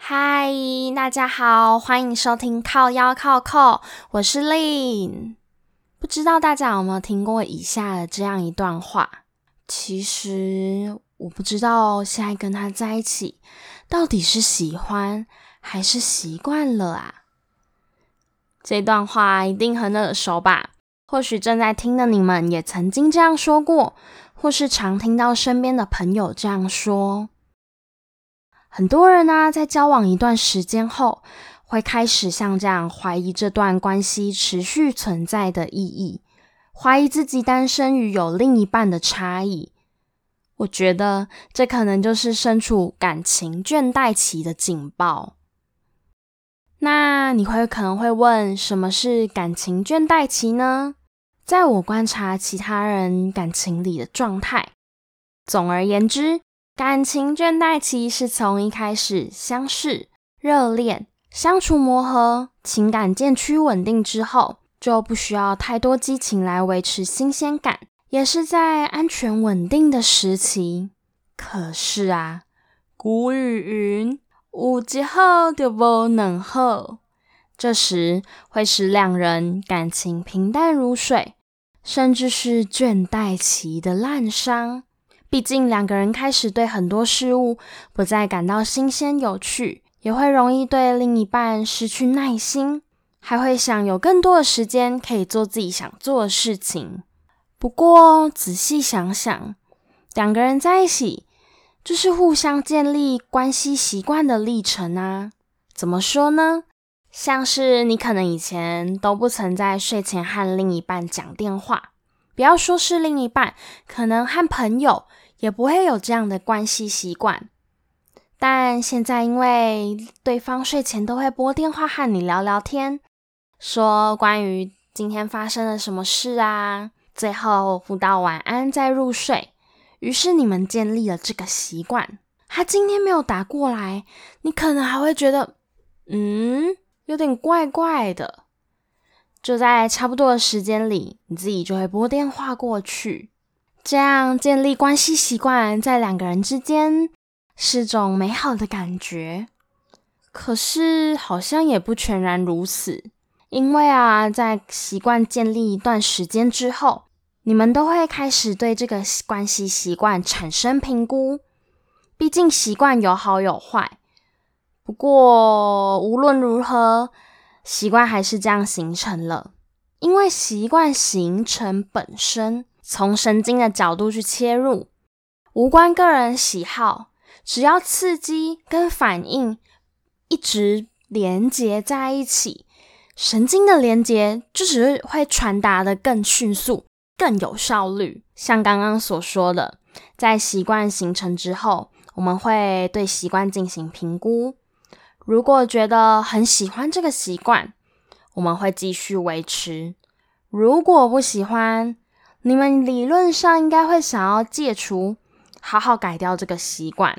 嗨，大家好，歡迎收聽靠腰靠扣，我是 Lean。不知道大家有沒有聽過以下的這樣一段話？其實我不知道現在跟他在一起到底是喜歡，還是習慣了啊，這段話一定很耳熟吧？或許正在聽的你們也曾經這樣說過，或是常聽到身邊的朋友這樣說。很多人呢、啊，在交往一段時間後，會開始像這樣懷疑這段關係持續存在的意義，懷疑自己單身與有另一半的差異。我覺得這可能就是身處感情倦怠期的警報。那你會可能會問，什麼是感情倦怠期呢？在我觀察其他人感情裡的狀態，總而言之，感情倦怠期是從一開始相識、熱戀、相處磨合，情感漸趨穩定之後，就不需要太多激情來維持新鮮感，也是在安全穩定的時期。可是啊，古語雲。無級後就無能後，這時會使兩人感情平淡如水，甚至是倦怠期的濫觴。畢竟兩個人開始對很多事物不再感到新鮮有趣，也會容易對另一半失去耐心，還會想有更多的時間可以做自己想做的事情。不過仔細想想，兩個人在一起，就是互相建立關係習慣的歷程啊？怎麼說呢？像是你可能以前都不曾在睡前和另一半講電話，不要說是另一半，可能和朋友也不會有這樣的關係習慣。但現在因為對方睡前都會撥電話和你聊聊天，說關於今天發生了什麼事啊，最後互道晚安再入睡。於是你們建立了這個習慣。他今天沒有打過來，你可能還會覺得，嗯，有點怪怪的。就在差不多的時間裡，你自己就會撥電話過去。這樣建立關係習慣，在兩個人之間是種美好的感覺。可是好像也不全然如此，因為啊，在習慣建立一段時間之後，你們都會開始對這個關係習慣產生評估，畢竟習慣有好有壞。不過無論如何，習慣還是這樣形成了，因為習慣形成本身從神經的角度去切入，無關個人喜好，只要刺激跟反應一直連接在一起，神經的連接就只會傳達的更迅速。更有效率。像剛剛所說的，在習慣形成之後，我們會對習慣進行評估。如果覺得很喜歡這個習慣，我們會繼續維持；如果不喜歡，你們理論上應該會想要戒除，好好改掉這個習慣。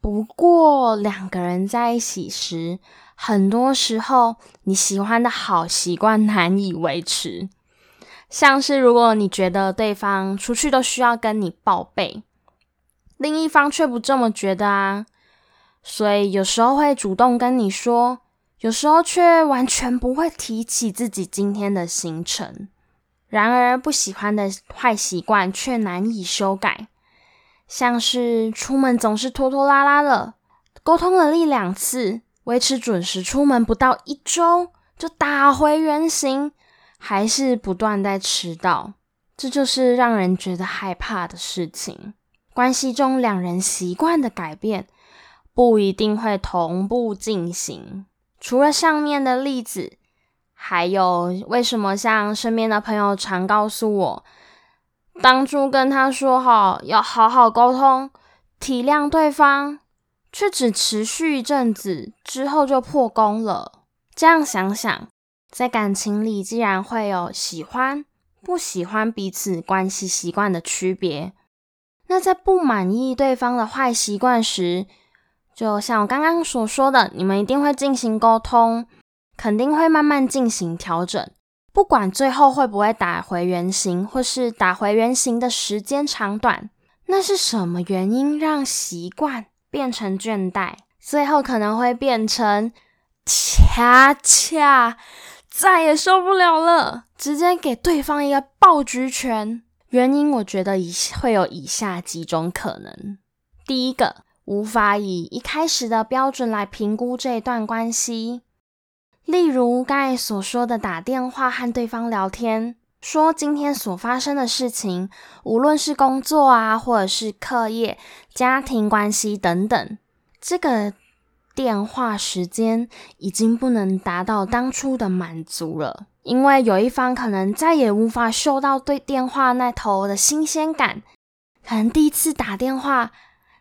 不過，兩個人在一起時，很多時候你喜歡的好習慣難以維持。像是如果你覺得對方出去都需要跟你報備，另一方卻不這麼覺得啊，所以有時候會主動跟你說，有時候卻完全不會提起自己今天的行程。然而不喜歡的壞習慣卻難以修改，像是出門總是拖拖拉拉的，溝通了一兩次，維持準時出門不到一周，就打回原形。還是不斷在遲到，這就是讓人覺得害怕的事情。關係中兩人習慣的改變不一定會同步進行。除了上面的例子，還有為什麼像身邊的朋友常告訴我，當初跟他說好要好好溝通、體諒對方，卻只持續一陣子之後就破功了？這樣想想。在感情裡，既然會有喜歡、不喜歡彼此關係習慣的區別，那在不滿意對方的壞習慣時，就像我剛剛所說的，你們一定會進行溝通，肯定會慢慢進行調整。不管最後會不會打回原形，或是打回原形的時間長短，那是什麼原因讓習慣變成倦怠，最後可能會變成恰恰？再也受不了了，直接給對方一個暴菊拳。原因我覺得以會有以下幾種可能：第一個，無法以一開始的標準來評估這一段關係。例如剛才所說的打電話和對方聊天，說今天所發生的事情，無論是工作啊，或者是課業、家庭關係等等，這個，電話時間已經不能達到當初的滿足了，因為有一方可能再也無法嗅到對電話那頭的新鮮感。可能第一次打電話，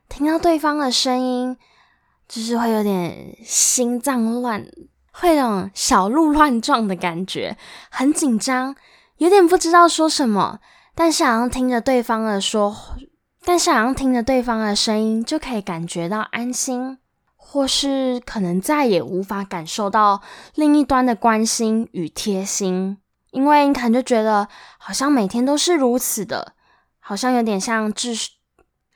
聽到對方的聲音，就是會有點心臟亂，會有種小鹿亂撞的感覺，很緊張，有點不知道說什麼。但是好像聽着對方的說，但是好像聽着對方的聲音就可以感覺到安心。或是可能再也無法感受到另一端的關心與貼心，因為你可能就覺得好像每天都是如此的，好像有點像製，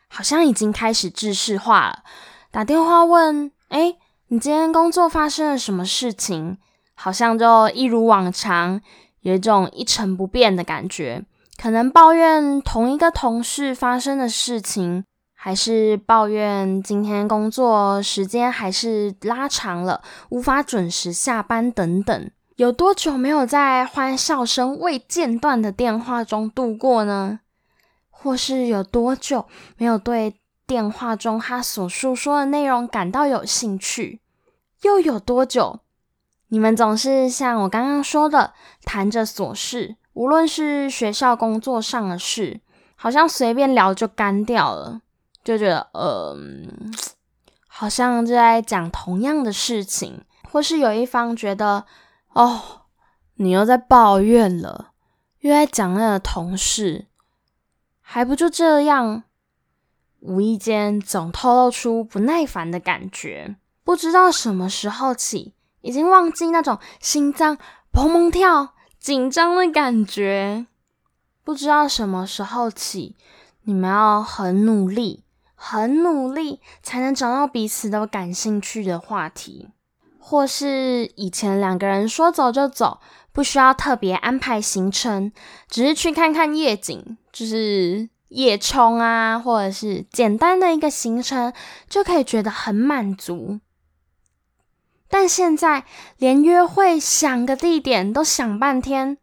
好像已經開始製式化了。打電話問，哎，你今天工作發生了什麼事情？好像就一如往常，有一種一成不變的感覺。可能抱怨同一個同事發生的事情。還是抱怨今天工作時間還是拉長了，無法準時下班等等。有多久沒有在歡笑聲未間斷的電話中度過呢？或是有多久沒有對電話中他所述說的內容感到有興趣？又有多久？你們總是像我剛剛說的，談着瑣事，無論是學校、工作上的事，好像隨便聊就幹掉了。就覺得，嗯、呃，好像就在講同樣的事情，或是有一方覺得，哦，你又在抱怨了，又在講那個同事，還不就這樣？無意間總透露出不耐煩的感覺，不知道什麼時候起，已經忘記那種心臟砰砰跳、緊張的感覺。不知道什麼時候起，你們要很努力。很努力才能找到彼此都感興趣的話題，或是以前兩個人說走就走，不需要特別安排行程，只是去看看夜景，就是夜衝啊，或者是簡單的一個行程，就可以覺得很滿足。但現在連約會想個地點都想半天。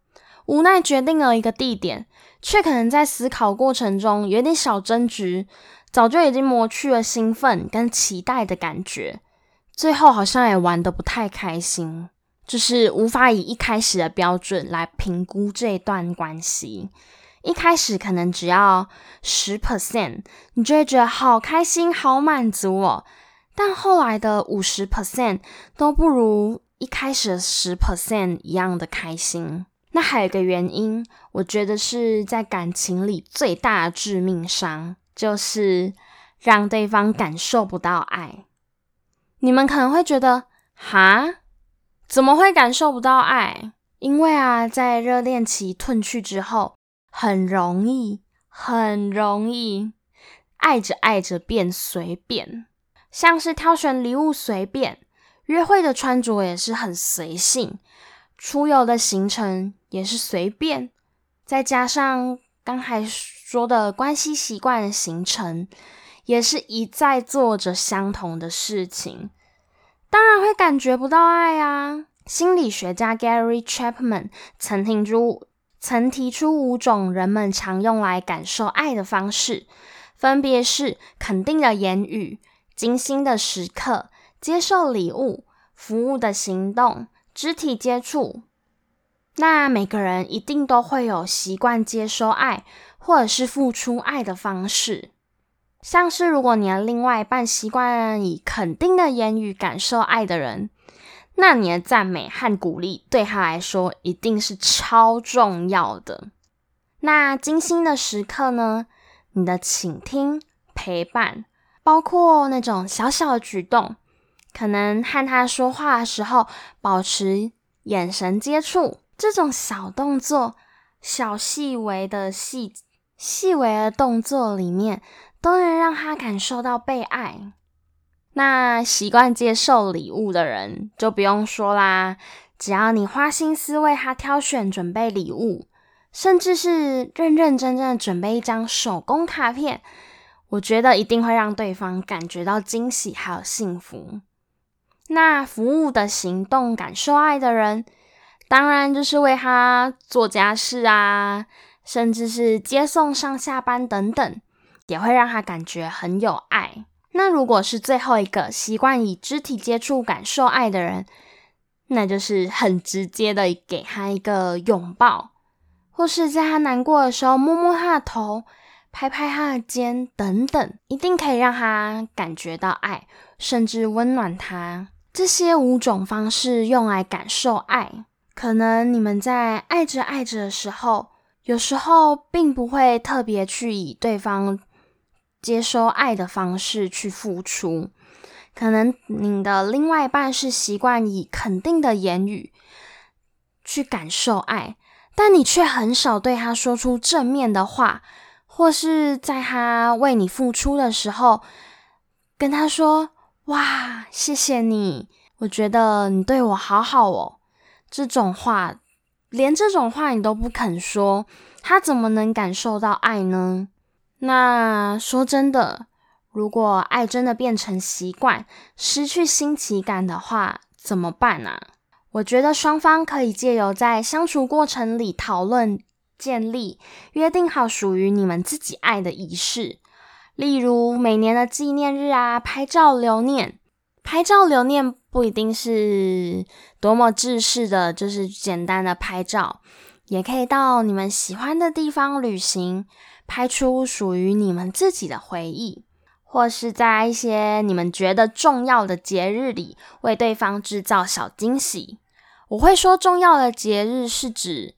無奈決定了一個地點，卻可能在思考過程中有點小爭執，早就已經磨去了興奮跟期待的感覺。最後好像也玩得不太開心，就是無法以一開始的標準來評估這段關係。一開始可能只要十 percent，你就會覺得好開心、好滿足哦。但後來的五十 percent 都不如一開始的十 percent 一樣的開心。那還有一個原因，我覺得是在感情裡最大的致命傷，就是讓對方感受不到愛。你們可能會覺得，哈，怎麼會感受不到愛？因為啊，在熱戀期褪去之後，很容易，很容易，愛着愛着變隨便，像是挑選禮物隨便，約會的穿着也是很隨性，出遊的行程。也是隨便，再加上剛才說的關係習慣的形成，也是一再做着相同的事情，當然會感覺不到愛啊。心理學家 Gary Chapman 曾提出曾提出五種人們常用來感受愛的方式，分別是肯定的言語、精心的時刻、接受禮物、服務的行動、肢體接觸。那每個人一定都會有習慣接受愛或者是付出愛的方式，像是如果你的另外一半習慣以肯定的言語感受愛的人，那你的讚美和鼓勵對他來說一定是超重要的。那精心的時刻呢？你的傾聽、陪伴，包括那種小小的舉動，可能和他說話的時候保持眼神接觸。這種小動作、小細微的細細微的動作裡面，都能讓他感受到被愛。那習慣接受禮物的人就不用說啦，只要你花心思為他挑選、準備禮物，甚至是認認真真的準備一張手工卡片，我覺得一定會讓對方感覺到驚喜還有幸福。那服務的行動、感受愛的人。當然，就是為他做家事啊，甚至是接送上下班等等，也會讓他感覺很有愛。那如果是最後一個習慣以肢體接觸感受愛的人，那就是很直接的給他一個擁抱，或是在他難過的時候摸摸他的頭，拍拍他的肩等等，一定可以讓他感覺到愛，甚至溫暖他。這些五種方式用來感受愛。可能你們在愛着愛着的時候，有時候並不會特別去以對方接收愛的方式去付出。可能你的另外一半是習慣以肯定的言語去感受愛，但你卻很少對他說出正面的話，或是在他為你付出的時候，跟他說：“哇，謝謝你，我覺得你對我好好哦。”這種話，連這種話你都不肯說，他怎麼能感受到愛呢？那說真的，如果愛真的變成習慣，失去新奇感的話，怎麼辦啊？我覺得雙方可以借由在相處過程裡討論、建立、約定好屬於你們自己愛的儀式，例如每年的紀念日啊，拍照留念。拍照留念，不一定是多麼制式的，就是簡單的拍照，也可以到你們喜歡的地方旅行，拍出屬於你們自己的回憶，或是在一些你們覺得重要的節日裡，為對方制造小驚喜。我會說重要的節日是指，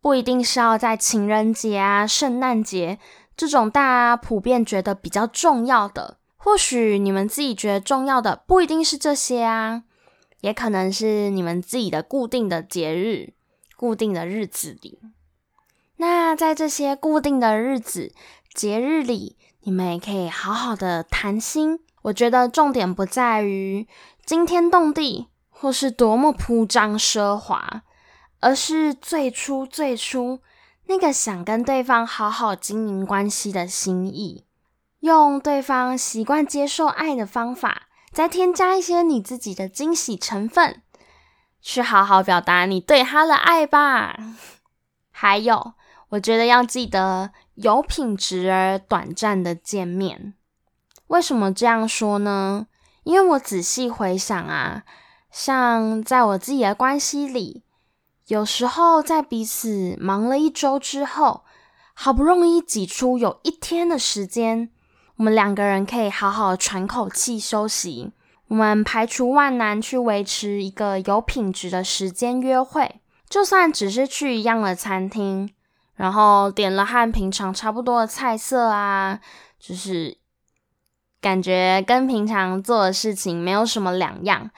不一定是要在情人節啊、聖誕節這種大家普遍覺得比較重要的。或許你們自己覺得重要的不一定是這些啊，也可能是你們自己的固定的節日、固定的日子裡。那在這些固定的日子、節日裡，你們也可以好好的談心。我覺得重點不在於驚天動地或是多麼鋪張奢華，而是最初最初那個想跟對方好好經營關係的心意。用對方習慣接受愛的方法，再添加一些你自己的驚喜成分，去好好表達你對他的愛吧。還有，我覺得要記得有品質而短暫的見面。為什麼這樣說呢？因為我仔細回想啊，像在我自己的關係裡，有時候在彼此忙了一周之後，好不容易擠出有一天的時間。我們兩個人可以好好喘口氣休息。我們排除萬難去維持一個有品質的時間約會，就算只是去一樣的餐廳，然後點了和平常差不多的菜色啊，就是感覺跟平常做的事情沒有什麼兩樣。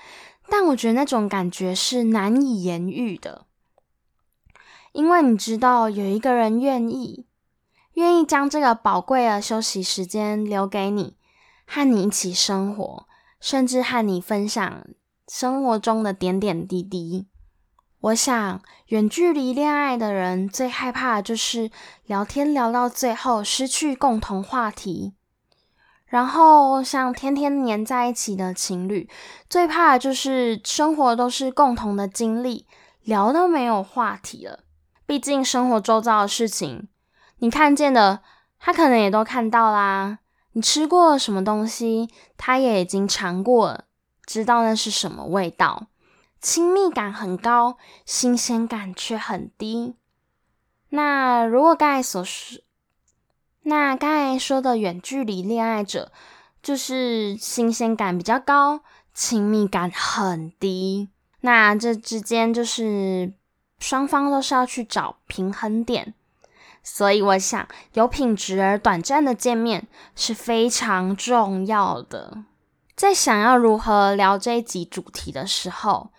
但我覺得那種感覺是難以言喻的，因為你知道有一個人願意。願意將這個寶貴的休息時間留給你，和你一起生活，甚至和你分享生活中的點點滴滴。我想，遠距離戀愛的人最害怕的就是聊天聊到最後失去共同話題；然後，像天天黏在一起的情侶，最怕的就是生活都是共同的經歷，聊到沒有話題了。畢竟，生活周遭的事情。你看見的，他可能也都看到啦。你吃過什麼東西，他也已經嘗過，知道那是什麼味道。親密感很高，新鮮感却很低。那如果剛才所說，那剛才說的遠距離戀愛者，就是新鮮感比較高，親密感很低。那這之間就是雙方都是要去找平衡點。所以我想，有品質而短暫的見面是非常重要的。在想要如何聊這一集主題的時候，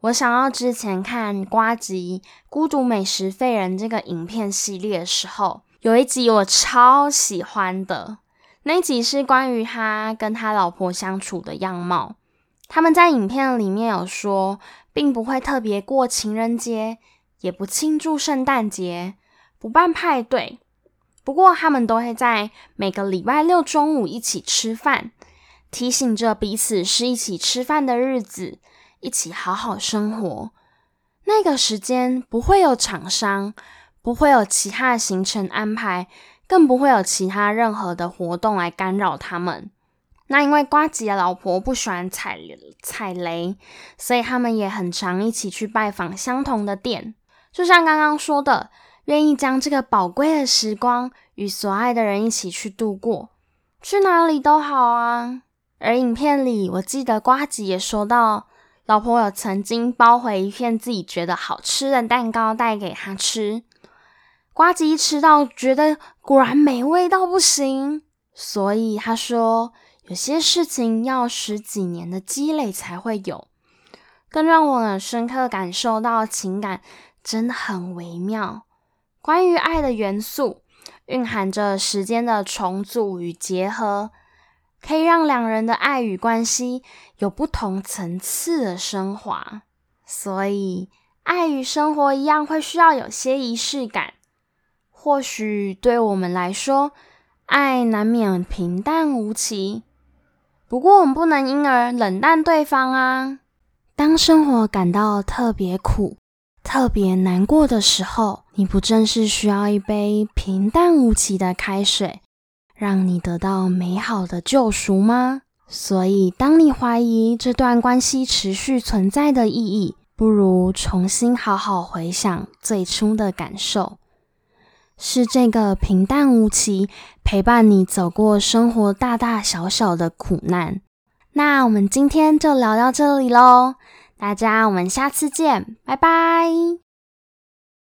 我想到之前看呱吉《孤獨美食廢人》這個影片系列的時候，有一集我超喜歡的，那集是關於他跟他老婆相處的樣貌。他們在影片裡面有說，並不會特別過情人節，也不慶祝聖誕節。不辦派對，不過他們都會在每個禮拜六中午一起吃飯，提醒着彼此是一起吃飯的日子，一起好好生活。那個時間不會有廠商，不會有其他行程安排，更不會有其他任何的活動來干擾他們。那因為瓜吉的老婆不喜歡踩踩雷，所以他們也很常一起去拜訪相同的店，就像剛剛說的。願意將這個寶貴的時光與所愛的人一起去度過，去哪裡都好啊。而影片裡，我記得呱吉也說到，老婆有曾經包回一片自己覺得好吃的蛋糕帶給他吃，呱吉一吃到覺得果然美味到不行，所以他說有些事情要十幾年的積累才會有。更讓我很深刻感受到情感真的很微妙。關於愛的元素，蘊含着時間的重組與結合，可以讓兩人的愛與關係有不同層次的升華。所以，愛與生活一樣，會需要有些儀式感。或許對我們來說，愛難免平淡無奇，不過我們不能因而冷淡對方啊。當生活感到特別苦，特別難過的時候，你不正是需要一杯平淡無奇的開水，讓你得到美好的救贖嗎？所以，當你懷疑這段關係持續存在的意義，不如重新好好回想最初的感受。是這個平淡無奇陪伴你走過生活大大小小的苦難。那我們今天就聊到這裡嘍。大家，我們下次見，拜拜。